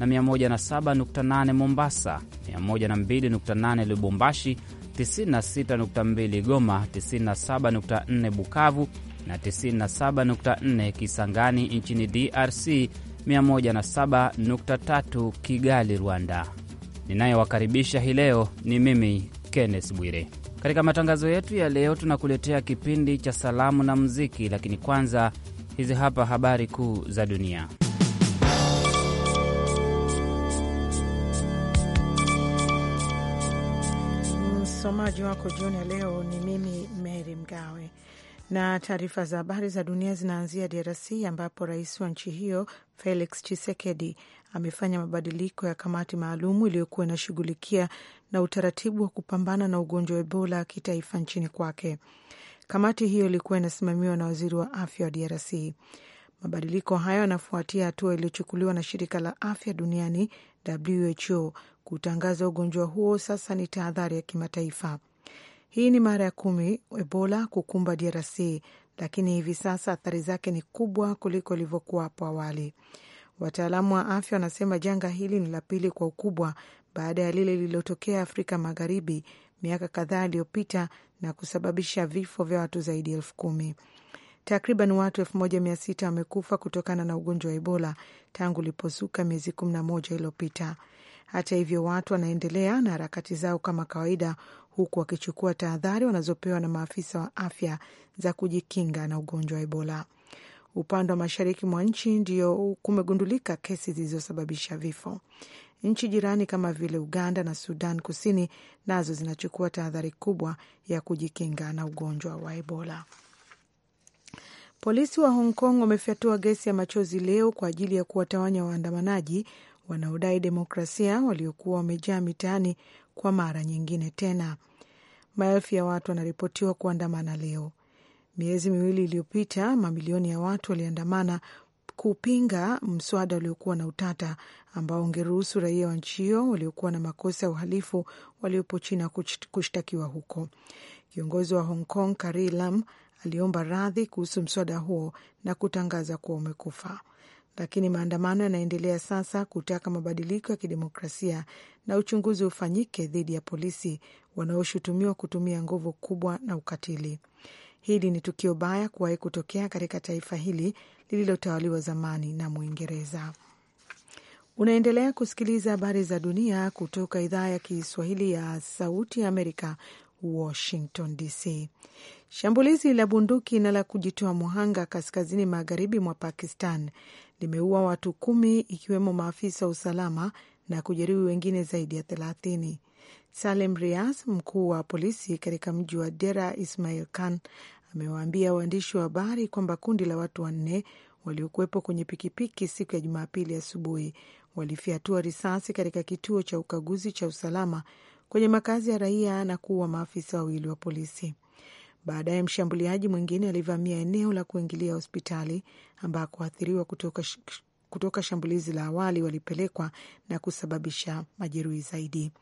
na 107.8 Mombasa, 102.8 Lubumbashi, 96.2 Goma, 97.4 Bukavu na 97.4 Kisangani nchini DRC, 107.3 Kigali, Rwanda. Ninayowakaribisha hii leo ni mimi Kenneth Bwire. Katika matangazo yetu ya leo tunakuletea kipindi cha salamu na muziki, lakini kwanza hizi hapa habari kuu za dunia. Msomaji wako jioni ya leo ni mimi Mary Mgawe, na taarifa za habari za dunia zinaanzia DRC ambapo rais wa nchi hiyo Felix Tshisekedi amefanya mabadiliko ya kamati maalum iliyokuwa inashughulikia na utaratibu wa kupambana na ugonjwa wa Ebola kitaifa nchini kwake. Kamati hiyo ilikuwa inasimamiwa na waziri wa afya wa DRC. Mabadiliko hayo yanafuatia hatua iliyochukuliwa na shirika la afya duniani WHO kutangaza ugonjwa huo sasa ni tahadhari ya kimataifa. Hii ni mara ya kumi Ebola kukumba DRC, lakini hivi sasa athari zake ni kubwa kuliko ilivyokuwa hapo awali. Wataalamu wa afya wanasema janga hili ni la pili kwa ukubwa baada ya lile lililotokea Afrika Magharibi miaka kadhaa iliyopita na kusababisha vifo vya watu zaidi ya elfu kumi. Takriban watu sita wamekufa kutokana na ugonjwa wa Ebola tangu ulipozuka miezi moja iliyopita. Hata hivyo, watu wanaendelea na harakati zao kama kawaida, huku wakichukua tahadhari wanazopewa na maafisa wa afya za kujikinga na ugonjwa wa Ebola. Upande wa mashariki mwa nchi ndio kumegundulika kesi zilizosababisha vifo. Nchi jirani kama vile Uganda na Sudan Kusini nazo zinachukua tahadhari kubwa ya kujikinga na ugonjwa wa Ebola. Polisi wa Hong Kong wamefyatua gesi ya machozi leo kwa ajili ya kuwatawanya waandamanaji wanaodai demokrasia waliokuwa wamejaa mitaani kwa mara nyingine tena. Maelfu ya watu wanaripotiwa kuandamana leo. Miezi miwili iliyopita, mamilioni ya watu waliandamana kupinga mswada uliokuwa na utata ambao ungeruhusu raia wa nchi hiyo waliokuwa na makosa ya uhalifu waliopo China kushtakiwa huko. Kiongozi wa Hong Kong Carrie Lam aliomba radhi kuhusu mswada huo na kutangaza kuwa umekufa. Lakini maandamano yanaendelea sasa kutaka mabadiliko ya kidemokrasia na uchunguzi ufanyike dhidi ya polisi wanaoshutumiwa kutumia nguvu kubwa na ukatili. Hili ni tukio baya kuwahi kutokea katika taifa hili lililotawaliwa zamani na Mwingereza. Unaendelea kusikiliza habari za dunia kutoka idhaa ya Kiswahili ya Sauti ya Amerika, Washington DC. Shambulizi la bunduki na la kujitoa muhanga kaskazini magharibi mwa Pakistan limeua watu kumi ikiwemo maafisa wa usalama na kujeruhi wengine zaidi ya thelathini. Salem Rias, mkuu wa polisi katika mji wa Dera Ismail Khan, amewaambia waandishi wa habari kwamba kundi la watu wanne waliokuwepo kwenye pikipiki siku ya Jumapili asubuhi walifyatua risasi katika kituo cha ukaguzi cha usalama kwenye makazi ya raia na kuua maafisa wawili wa polisi. Baadaye mshambuliaji mwingine alivamia eneo la kuingilia hospitali ambako waathiriwa kutoka, kutoka shambulizi la awali walipelekwa na kusababisha majeruhi zaidi.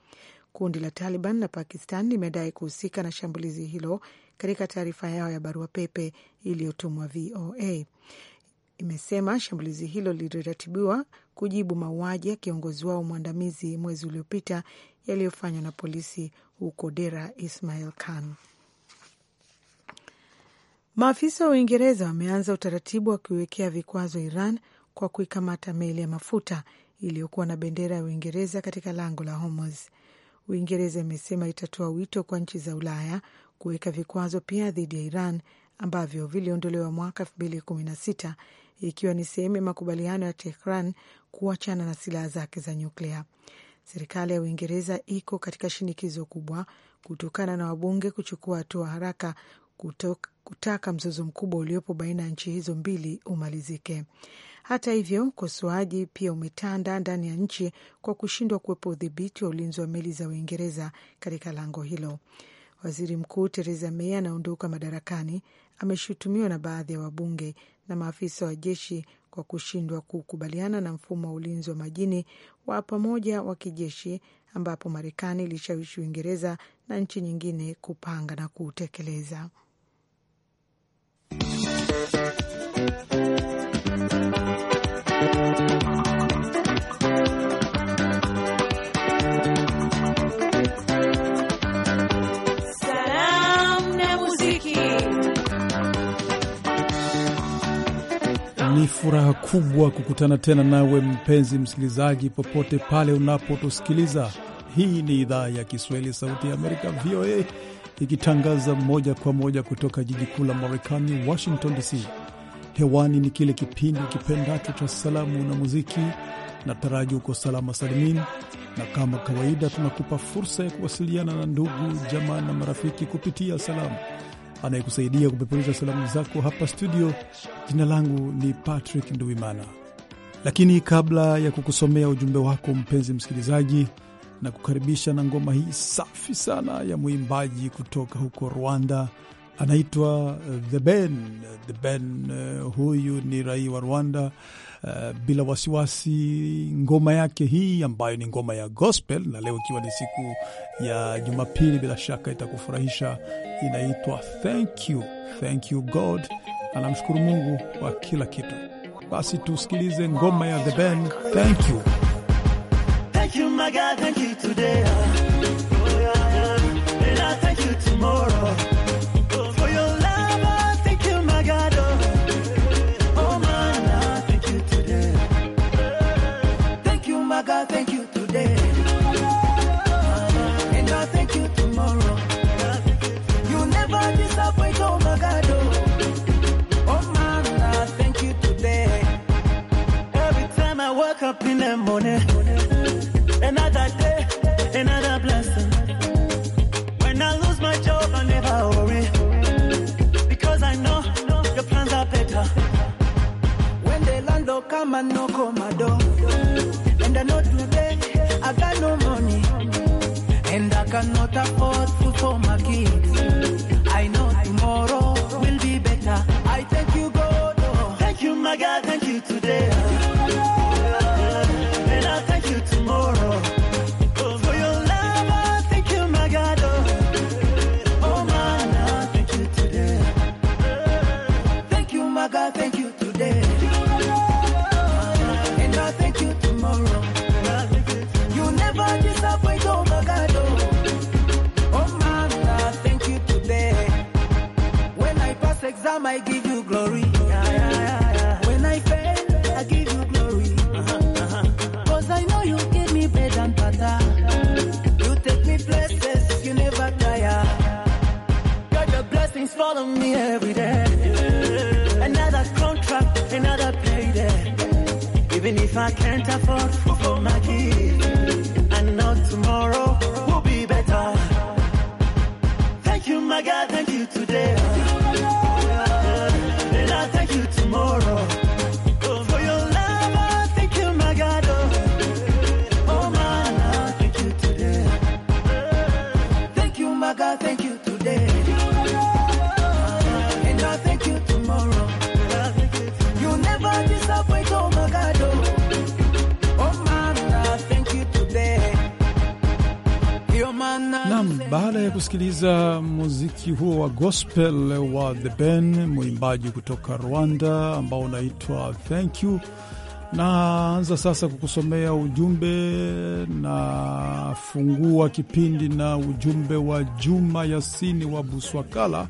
Kundi la Taliban la Pakistan limedai kuhusika na shambulizi hilo katika taarifa yao ya barua pepe iliyotumwa VOA. Imesema shambulizi hilo liliratibiwa kujibu mauaji ya kiongozi wao mwandamizi mwezi uliopita yaliyofanywa na polisi huko Dera Ismail Khan. Maafisa wa Uingereza wameanza utaratibu wa kuiwekea vikwazo Iran kwa kuikamata meli ya mafuta iliyokuwa na bendera ya Uingereza katika lango la Hormuz. Uingereza imesema itatoa wito kwa nchi za Ulaya kuweka vikwazo pia dhidi ya Iran ambavyo viliondolewa mwaka elfu ikiwa ni sehemu ya makubaliano ya Tehran kuachana na silaha zake za nyuklia. Serikali ya Uingereza iko katika shinikizo kubwa kutokana na wabunge kuchukua hatua haraka kutaka mzozo mkubwa uliopo baina ya nchi hizo mbili umalizike. Hata hivyo, ukosoaji pia umetanda ndani ya nchi kwa kushindwa kuwepo udhibiti wa ulinzi wa meli za Uingereza katika lango hilo. Waziri Mkuu Theresa May anaondoka madarakani, ameshutumiwa na baadhi ya wabunge na maafisa wa jeshi kwa kushindwa kukubaliana na mfumo wa ulinzi wa majini wa pamoja wa kijeshi ambapo Marekani ilishawishi Uingereza na nchi nyingine kupanga na kuutekeleza furaha kubwa kukutana tena nawe mpenzi msikilizaji, popote pale unapotusikiliza. Hii ni idhaa ya Kiswahili, Sauti ya Amerika, VOA ikitangaza moja kwa moja kutoka jiji kuu la Marekani, Washington DC. Hewani ni kile kipindi kipendacho cha salamu na muziki. Nataraji uko salama salimini, na kama kawaida, tunakupa fursa ya kuwasiliana na ndugu jamaa na marafiki kupitia salamu. Anayekusaidia kupeperusha salamu zako hapa studio, jina langu ni Patrick nduimana Lakini kabla ya kukusomea ujumbe wako, mpenzi msikilizaji, na kukaribisha na ngoma hii safi sana ya mwimbaji kutoka huko Rwanda, anaitwa uh, The Ben. The Ben uh, huyu ni raia wa Rwanda. Uh, bila wasiwasi ngoma yake hii ambayo ni ngoma ya gospel, na leo ikiwa ni siku ya Jumapili, bila shaka itakufurahisha. Inaitwa Thank You, Thank You God. Anamshukuru Mungu kwa kila kitu. Basi tusikilize ngoma ya The Ben, Thank You. my God, thank you today. Oh, yeah, yeah. And I thank you tomorrow. man no come my door. And I know today I kids. I can't afford. ya kusikiliza muziki huo wa gospel wa The Ben, mwimbaji kutoka Rwanda ambao unaitwa Thank You. Naanza sasa kukusomea ujumbe na fungua kipindi na ujumbe wa Juma Yasini wa Buswakala,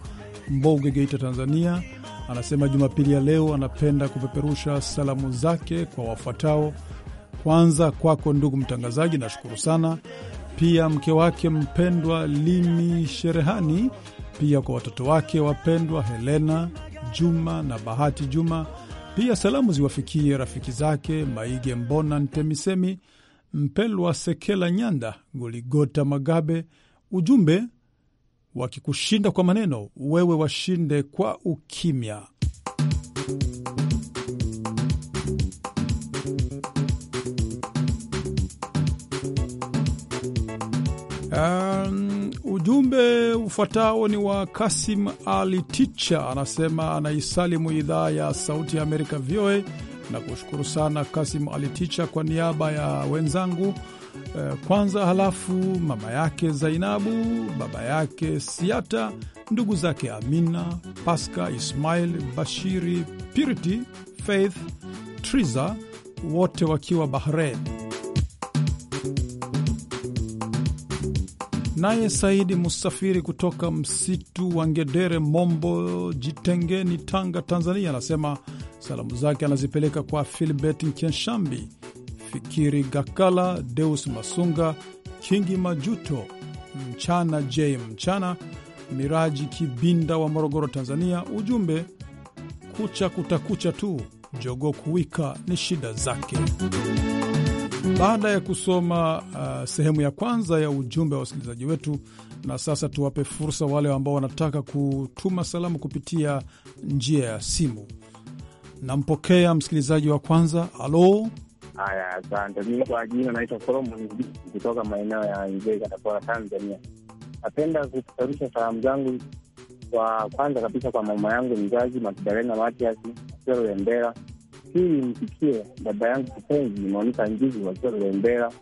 Mboge, Geita, Tanzania. Anasema Jumapili ya leo anapenda kupeperusha salamu zake kwa wafuatao. Kwanza kwako ndugu mtangazaji, nashukuru sana pia mke wake mpendwa Limi Sherehani, pia kwa watoto wake wapendwa Helena Juma na Bahati Juma. Pia salamu ziwafikie rafiki zake Maige Mbona Ntemisemi, Mpelwa Sekela Nyanda, Goligota Magabe. Ujumbe, wakikushinda kwa maneno, wewe washinde kwa ukimya. Um, ujumbe ufuatao ni wa Kasim Ali Ticha, anasema anaisalimu idhaa ya Sauti ya Amerika VOA na kushukuru sana Kasim Ali Ticha kwa niaba ya wenzangu uh, kwanza, halafu mama yake Zainabu, baba yake Siata, ndugu zake Amina, Paska, Ismail, Bashiri, Piriti, Faith, Triza, wote wakiwa Bahrein. Naye Saidi musafiri kutoka msitu wa Ngedere, Mombo, Jitengeni, Tanga, Tanzania, anasema salamu zake anazipeleka kwa Filbert Nkenshambi, Fikiri Gakala, Deus Masunga, Kingi Majuto, Mchana J Mchana, Miraji Kibinda wa Morogoro, Tanzania. Ujumbe, kucha kutakucha tu, jogo kuwika ni shida zake. Baada ya kusoma uh, sehemu ya kwanza ya ujumbe wa wasikilizaji wetu, na sasa tuwape fursa wale ambao wanataka kutuma salamu kupitia njia ya simu. Nampokea msikilizaji wa kwanza. Halo. Haya, asante. Mimi kwa jina naitwa Solomon kutoka maeneo ya Nzega, Tabora, Tanzania. Napenda kupeperusha salamu zangu kwa kwanza kabisa kwa mama yangu mzazi Magdalena Matias Serembera Pili, msikie baba yangu kipenzi Monika Njugu wakiwa Lulembela.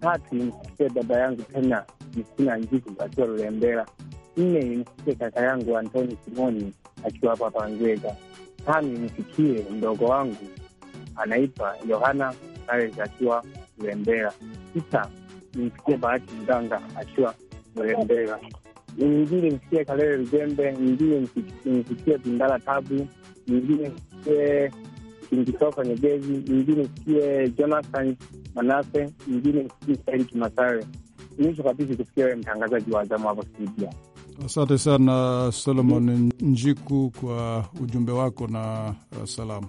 Tatu, msikie baba yangu tena Justina Njugu akiwa Lulembela. Nne, nisikie kaka yangu Antoni Simoni akiwa hapa Pangwega. Tano, msikie mdogo wangu anaitwa Yohana Ares akiwa Lulembela. Sita, nisikie Bahati Mganga akiwa Lulembela. Nyingine nisikie Kalele Lujembe. Nyingine nisikie Pindala Tabu. Nyingine nisikie ingitoka kwenye jezi, ingine Jonathan Manase, ingine sikie Saidi Kimasare. Mwisho kabisa kufikia wewe mtangazaji wa Azamu hapo studio. Asante sana Solomon Njiku kwa ujumbe wako na uh, salamu.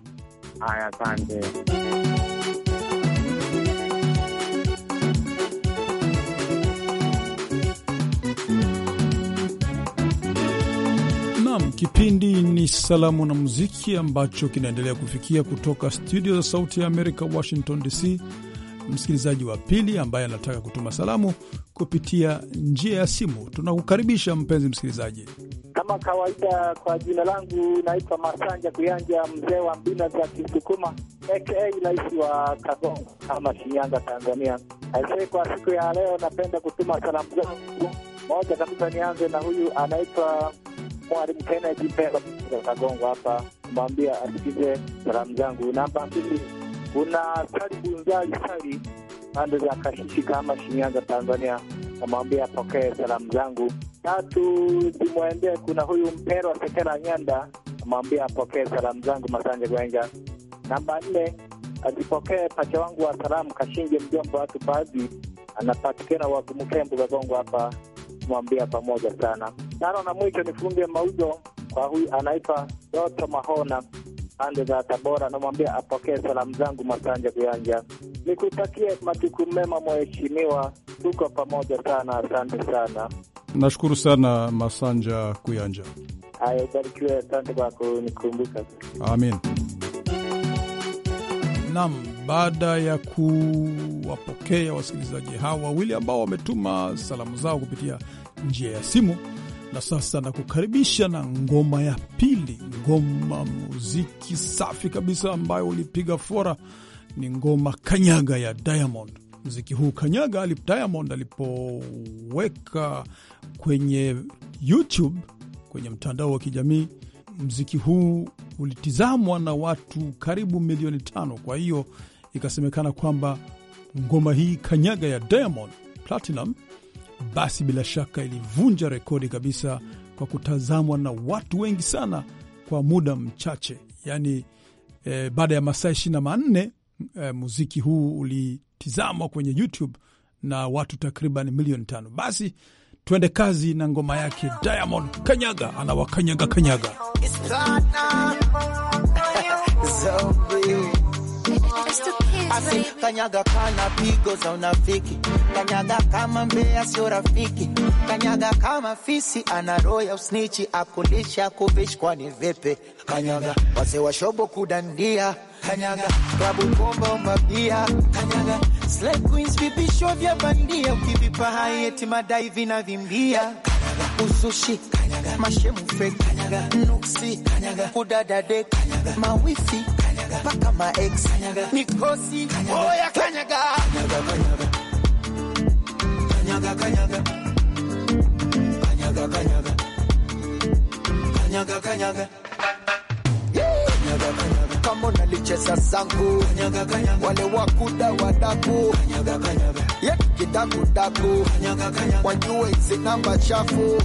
Haya, asante. Kipindi ni Salamu na Muziki ambacho kinaendelea kufikia kutoka studio za Sauti ya Amerika, Washington DC. Msikilizaji wa pili ambaye anataka kutuma salamu kupitia njia ya simu, tunakukaribisha mpenzi msikilizaji. Kama kawaida, kwa jina langu naitwa Masanja Kuyanja, mzee wa mbina za Kisukuma aka rais wa Kagongo ama Shinyanga, Tanzania. Aisee, kwa siku ya leo napenda kutuma salamu zangu moja kabisa. Nianze na huyu anaitwa mwalimu Kennedy Mpemba Kagongo hapa kumwambia asikize salamu zangu. Namba mbili, kuna Sali Bunzali Sali pande za Kashishi kama Shinyanga, Tanzania, namwambia apokee salamu zangu. Tatu zimwendee, kuna huyu Mperwa Sekera Nyanda, namwambia apokee salamu zangu. Masanja Gwenja. Namba nne, azipokee pacha wangu wa salamu Kashinje mjomba watu baadhi anapatikana Wagumukembu Kagongo hapa, kumwambia pamoja sana Tano na mwisho nifunge mauzo kwa huyu anaitwa Doto Mahona pande za Tabora, namwambia apokee salamu zangu Masanja Kuyanja, nikutakie matukio mema mheshimiwa, tuko pamoja sana, asante sana. Nashukuru sana Masanja Kuyanja. Haya, ubarikiwe, asante kwa kunikumbuka. Amin. Naam, baada ya kuwapokea wasikilizaji hawa wawili ambao wametuma salamu zao kupitia njia ya simu na sasa nakukaribisha na ngoma ya pili, ngoma muziki safi kabisa ambayo ulipiga fora, ni ngoma Kanyaga ya Diamond. Muziki huu Kanyaga Diamond alipoweka kwenye YouTube, kwenye mtandao wa kijamii, mziki huu ulitizamwa na watu karibu milioni tano. Kwa hiyo ikasemekana kwamba ngoma hii Kanyaga ya Diamond Platinum basi bila shaka ilivunja rekodi kabisa kwa kutazamwa na watu wengi sana kwa muda mchache. Yani e, eh, baada ya masaa ishirini na manne e, muziki huu ulitizamwa kwenye YouTube na watu takriban milioni tano. Basi tuende kazi na ngoma yake Diamond Kanyaga, anawakanyaga kanyaga, kanyaga. Kanyaga kana pigo za unafiki, kanyaga kama mbea sio rafiki, kanyaga kama fisi ana roho ya usnichi, akulisha kuvishi kwani vipi? Kanyaga wase wa shobo kudandia, kanyaga klabu bomba umabia, kanyaga slay queens vipisho vya bandia, ukivipa hai madai vinavimbia uzushi, mashemu fake, nuksi, udada dek, mawifi paka ma ex, mikosi oya kanyaga kanyaga kanyaga kanyaga kanyaga kanyaga kanyaga nalicheza zangu wale wakuda wadaku ye kidakudaku wajue hizi namba chafu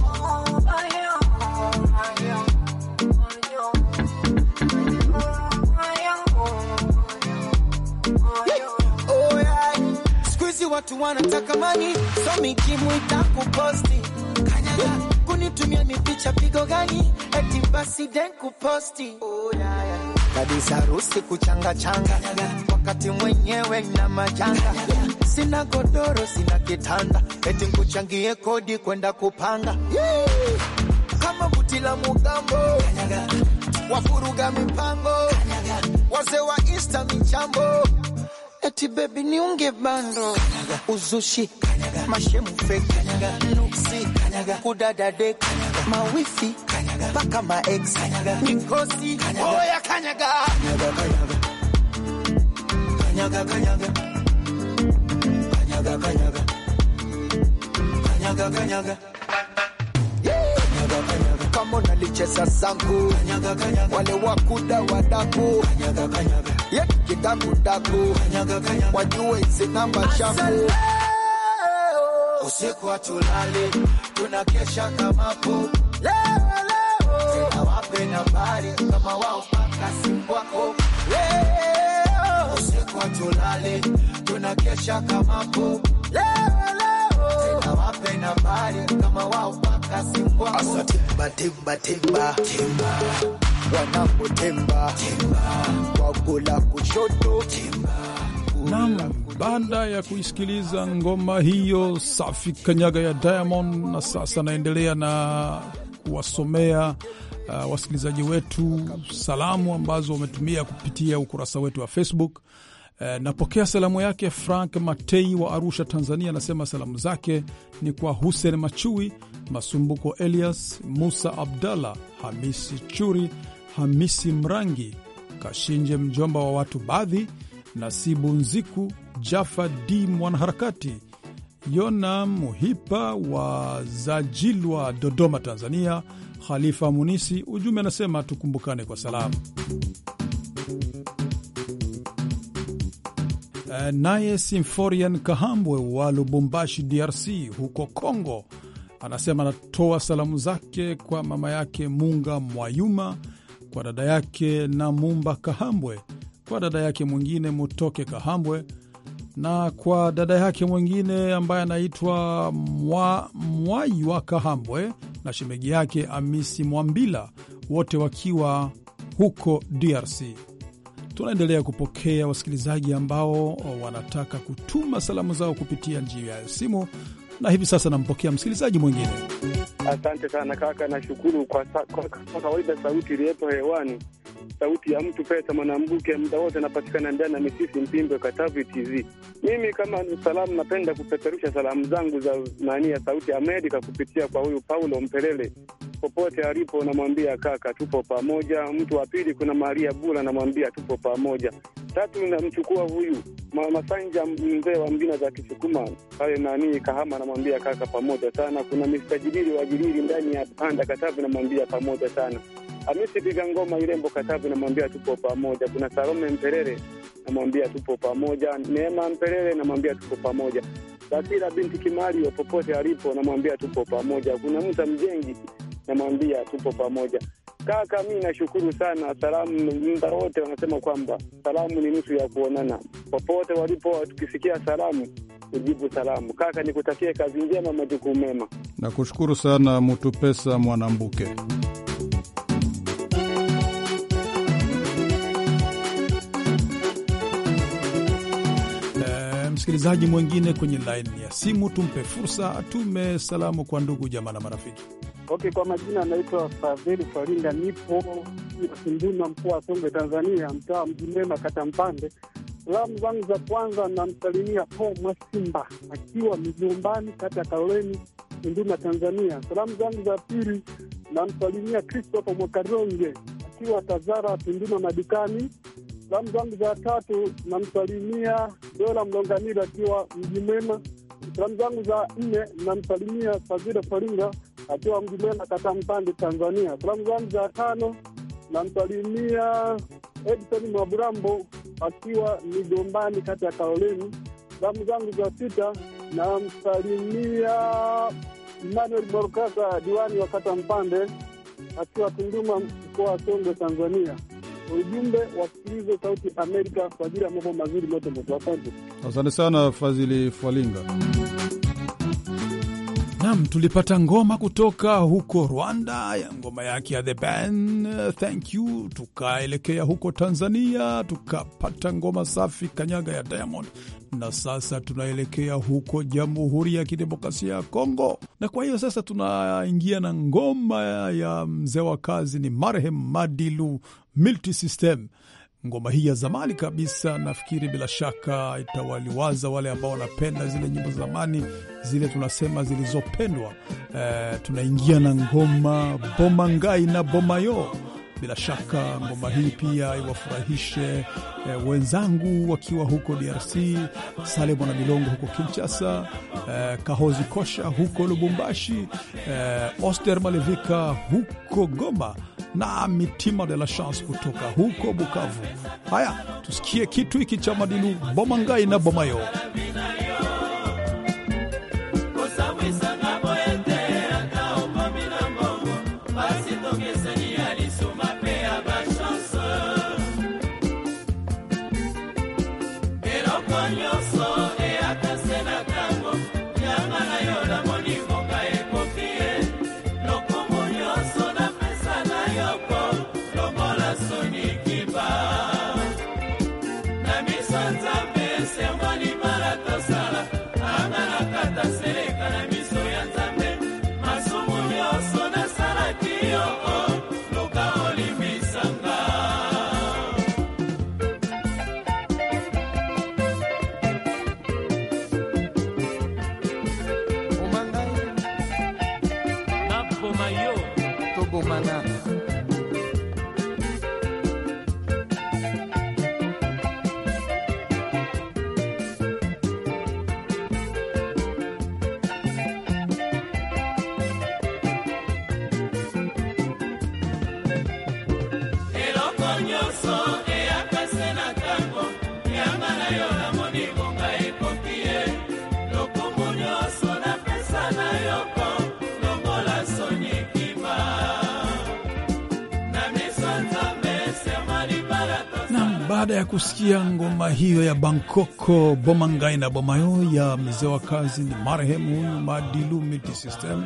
Watu wanataka mani so mikimu itakuposti kunitumia mipicha pigo gani eti basi den kuposti oh kabisa, harusi kuchanga changa, wakati mwenyewe na majanga, sina godoro sina kitanda, eti nkuchangie kodi kwenda kupanga kama buti la mugambo, wafuruga mipango, wazee wa Insta michambo Eti bebi niunge bando uzushi mashemu feki nuksi kudadadeki mawifi mpaka maex mikosi oya kanyaga kanyaga kanyaga kanyaga kanyaga kanyaga kama unalicheza zangu wale wakuda wadaku ye kidakudaku wajue zinamba changu usiku hatulali tunakesha kamapu kama wao paka usiku tulale tena kama wao paka timba timba timba timba kushoto nam baada ya kuisikiliza ngoma hiyo safi kanyaga ya Diamond, na sasa naendelea na kuwasomea Uh, wasikilizaji wetu salamu ambazo wametumia kupitia ukurasa wetu wa Facebook. Uh, napokea salamu yake Frank Matei wa Arusha, Tanzania. Anasema salamu zake ni kwa Hussein Machui, Masumbuko Elias, Musa Abdallah, Hamisi Churi, Hamisi Mrangi, Kashinje mjomba wa watu baadhi, Nasibu Nziku, Jafa D mwanaharakati Yona Muhipa wa Zajilwa, Dodoma, Tanzania, Khalifa Munisi. Ujumbe anasema tukumbukane kwa salamu. Eh, naye Simforian Kahambwe wa Lubumbashi, DRC, huko Congo, anasema anatoa salamu zake kwa mama yake Munga Mwayuma, kwa dada yake na mumba Kahambwe, kwa dada yake mwingine Mutoke Kahambwe na kwa dada yake mwingine ambaye anaitwa Mwaiwa Kahambwe na shemeji yake Amisi Mwambila, wote wakiwa huko DRC. Tunaendelea kupokea wasikilizaji ambao wanataka kutuma salamu zao kupitia njia ya simu, na hivi sasa nampokea msikilizaji mwingine. Asante sana kaka, nashukuru kwa, kwa kawaida sauti iliyopo hewani sauti ya mtu pesa mwanambuke muda wote anapatikana ndani ya misisi mpimbo Katavi TV. Mimi kama ni salamu, napenda kupeperusha salamu zangu za nani ya sauti ya Amerika kupitia kwa huyu Paulo Mpelele popote alipo, namwambia kaka, tupo pamoja. Mtu wa pili kuna Maria Bula, namwambia tupo pamoja. Tatu namchukua huyu Mama Sanja, mzee wa mbina za Kisukuma pale nani Kahama, namwambia kaka, pamoja sana. Kuna Mr. Jilili wa Jilili ndani ya Panda Katavi, namwambia pamoja sana. Hamisi piga ngoma Irembo Katavi, namwambia tupo pamoja. Kuna Salome Mperere, namwambia tupo pamoja. Neema Mperere, namwambia tupo pamoja. Basira binti Kimario, popote alipo, namwambia tupo pamoja. Kuna Musa Mjengi, namwambia tupo pamoja. Kaka, mi nashukuru sana. Salamu muda wote wanasema kwamba salamu ni nusu ya kuonana. Popote walipo, tukisikia salamu ujibu salamu. Kaka, nikutakie kazi njema, majukumu mema. Nakushukuru sana pesa Mwanambuke. msikilizaji mwengine kwenye laini ya simu, tumpe fursa atume salamu kwa ndugu jamaa na marafiki. Okay, kwa majina anaitwa Faveli Farinda, nipo Sinduna, mkoa wa Songwe, Tanzania, mtaa Mjimema, kata Mpande. Salamu zangu za kwanza namsalimia Po Mwasimba akiwa Mijumbani, kata Kaloleni, Sinduna, Tanzania. Salamu zangu za pili namsalimia Kristofa Mwakaronge akiwa Tazara, Sinduna madukani Salamu zangu za tatu namsalimia Dola Mlonganilo akiwa mji mwema. Salamu zangu za nne namsalimia Fazira Faringa akiwa mji mwema kata Mpande, Tanzania. Salamu zangu za tano namsalimia Edison Mwaburambo akiwa Migombani kati ya Kaloleni. Salamu zangu za sita namsalimia Emmanuel Morukasa diwani wa kata Mpande akiwa Tunduma mkoa wa Songwe, Tanzania ujumbe wasikilize Sauti Amerika kwa ajili ya mambo mazuri moto moto. Asante, asante sana Fadhili Fwalinga. Nam, tulipata ngoma kutoka huko Rwanda, ya ngoma yake ya The ban thank you. Tukaelekea huko Tanzania, tukapata ngoma safi kanyaga ya Diamond, na sasa tunaelekea huko Jamhuri ya Kidemokrasia ya Kongo. Na kwa hiyo sasa tunaingia na ngoma ya mzee wa kazi, ni marehemu Madilu Multisystem ngoma hii ya zamani kabisa. Nafikiri bila shaka itawaliwaza wale ambao wanapenda zile nyimbo za zamani, zile tunasema zilizopendwa. E, tunaingia na ngoma boma ngai na boma yo. Bila shaka ngoma hii pia iwafurahishe e, wenzangu wakiwa huko DRC, Sale Mwana Milongo huko Kinshasa, e, Kahozi Kosha huko Lubumbashi, e, Oster Malevika huko Goma na Mitima de la Chance kutoka huko Bukavu. Haya, tusikie kitu hiki cha Madilu Bomangai na Bomayo. kusikia ngoma hiyo ya Bangkoko Bomangai na Bomayo ya mzee wa kazi ni marehemu huyu Madilu System.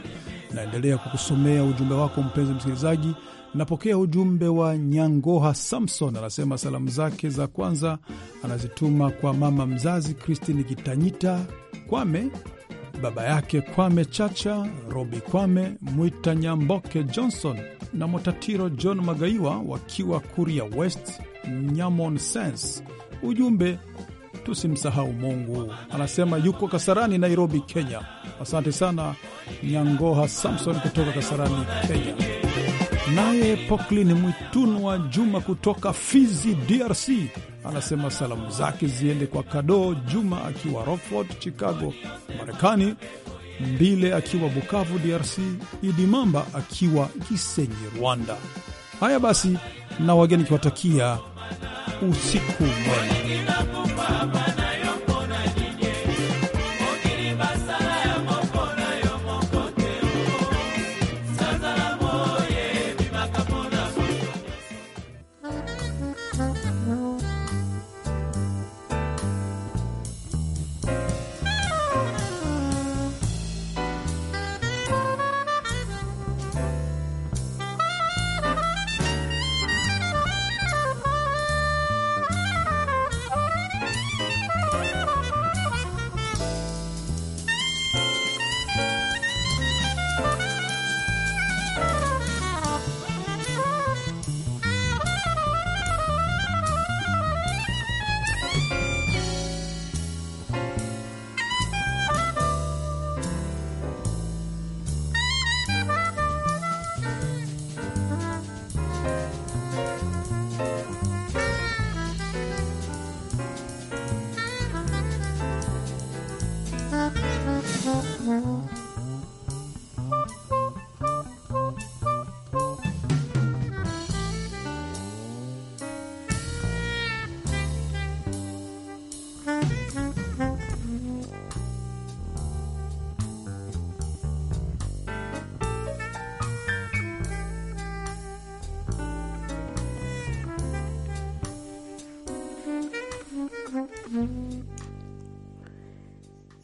Naendelea kukusomea ujumbe wako mpenzi msikilizaji. Napokea ujumbe wa Nyangoha Samson, anasema salamu zake za kwanza anazituma kwa mama mzazi Kristini Gitanyita Kwame, baba yake Kwame Chacha Robi Kwame Mwita Nyamboke Johnson na Motatiro John Magaiwa wakiwa Kuria West Nyamon Sense. Ujumbe, tusimsahau Mungu. Anasema yuko Kasarani, Nairobi, Kenya. Asante sana Nyangoha Samson kutoka Kasarani, Kenya. Naye Poklin Mwitunwa Juma kutoka Fizi, DRC anasema salamu zake ziende kwa Kadoo Juma akiwa Rockford, Chicago, Marekani, Mbile akiwa Bukavu, DRC, Idi Mamba akiwa Gisenyi, Rwanda. Haya basi, na wageni kiwatakia usiku mwema.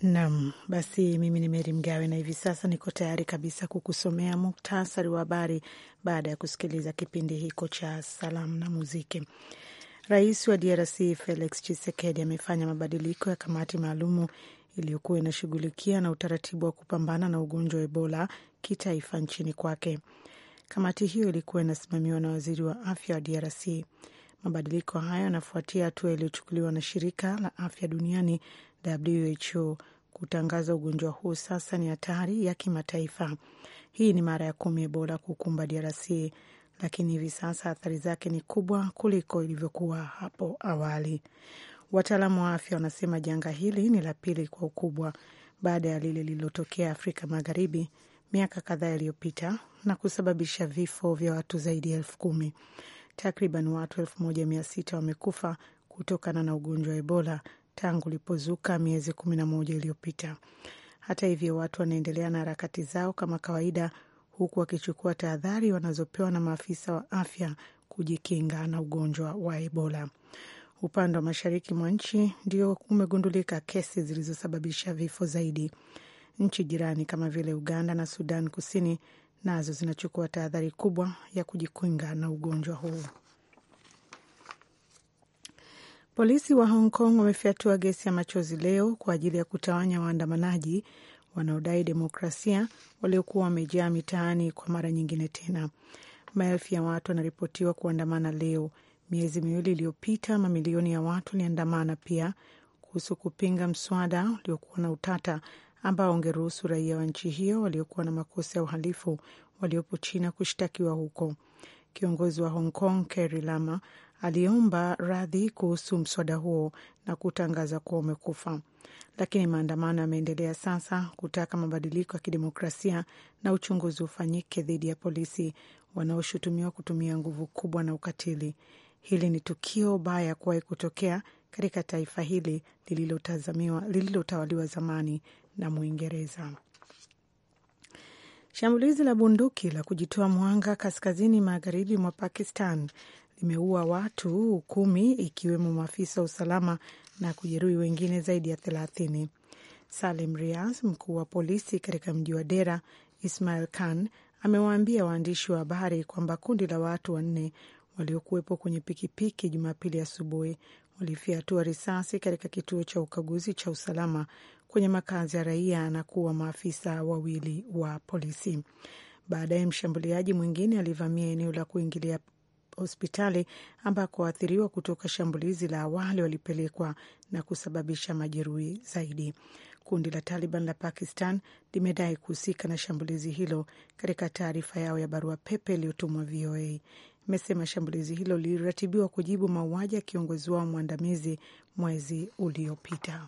Nam, basi mimi ni Meri Mgawe na hivi sasa niko tayari kabisa kukusomea muktasari wa habari baada ya kusikiliza kipindi hiko cha salamu na muziki. Rais wa DRC Felix Tshisekedi amefanya mabadiliko ya kamati maalumu iliyokuwa inashughulikia na utaratibu wa kupambana na ugonjwa wa Ebola kitaifa nchini kwake. Kamati hiyo ilikuwa inasimamiwa na waziri wa afya wa DRC. Mabadiliko hayo yanafuatia hatua iliyochukuliwa na shirika la afya duniani WHO kutangaza ugonjwa huu sasa ni hatari ya kimataifa. Hii ni mara ya kumi Ebola kukumba DRC, lakini hivi sasa athari zake ni kubwa kuliko ilivyokuwa hapo awali. Wataalamu wa afya wanasema janga hili ni la pili kwa ukubwa baada ya lile lililotokea Afrika Magharibi miaka kadhaa iliyopita na kusababisha vifo vya watu zaidi ya elfu kumi. Takriban watu elfu moja mia sita wamekufa kutokana na ugonjwa wa Ebola tangu lipozuka miezi kumi na moja iliyopita. Hata hivyo, watu wanaendelea na harakati zao kama kawaida, huku wakichukua tahadhari wanazopewa na maafisa wa afya kujikinga na ugonjwa wa Ebola. Upande wa mashariki mwa nchi ndio umegundulika kesi zilizosababisha vifo zaidi. Nchi jirani kama vile Uganda na Sudan Kusini nazo zinachukua tahadhari kubwa ya kujikinga na ugonjwa huu. Polisi wa Hong Kong wamefyatua gesi ya machozi leo kwa ajili ya kutawanya waandamanaji wanaodai demokrasia waliokuwa wamejaa mitaani kwa mara nyingine tena. Maelfu ya watu wanaripotiwa kuandamana leo. Miezi miwili iliyopita, mamilioni ya watu waliandamana pia kuhusu kupinga mswada uliokuwa na utata ambao ungeruhusu raia wa nchi hiyo waliokuwa na makosa ya uhalifu waliopo China kushtakiwa huko. Kiongozi wa Hong Kong Carrie Lam aliomba radhi kuhusu mswada huo na kutangaza kuwa umekufa, lakini maandamano yameendelea sasa kutaka mabadiliko ya kidemokrasia na uchunguzi ufanyike dhidi ya polisi wanaoshutumiwa kutumia nguvu kubwa na ukatili. Hili ni tukio baya kuwahi kutokea katika taifa hili lililotawaliwa zamani na Mwingereza. Shambulizi la bunduki la kujitoa mwanga kaskazini magharibi mwa Pakistan imeua watu kumi ikiwemo maafisa wa usalama na kujeruhi wengine zaidi ya thelathini. Salim rias mkuu wa polisi katika mji wa Dera, Ismail Khan amewaambia waandishi wa habari kwamba kundi la watu wanne waliokuwepo kwenye pikipiki Jumapili asubuhi walifyatua risasi katika kituo cha ukaguzi cha usalama kwenye makazi ya raia na kuwa maafisa wawili wa polisi. Baadaye mshambuliaji mwingine alivamia eneo la kuingilia hospitali ambako waathiriwa kutoka shambulizi la awali walipelekwa na kusababisha majeruhi zaidi. Kundi la Taliban la Pakistan limedai kuhusika na shambulizi hilo. Katika taarifa yao ya barua pepe iliyotumwa VOA imesema shambulizi hilo liliratibiwa kujibu mauaji ya kiongozi wao mwandamizi mwezi uliopita.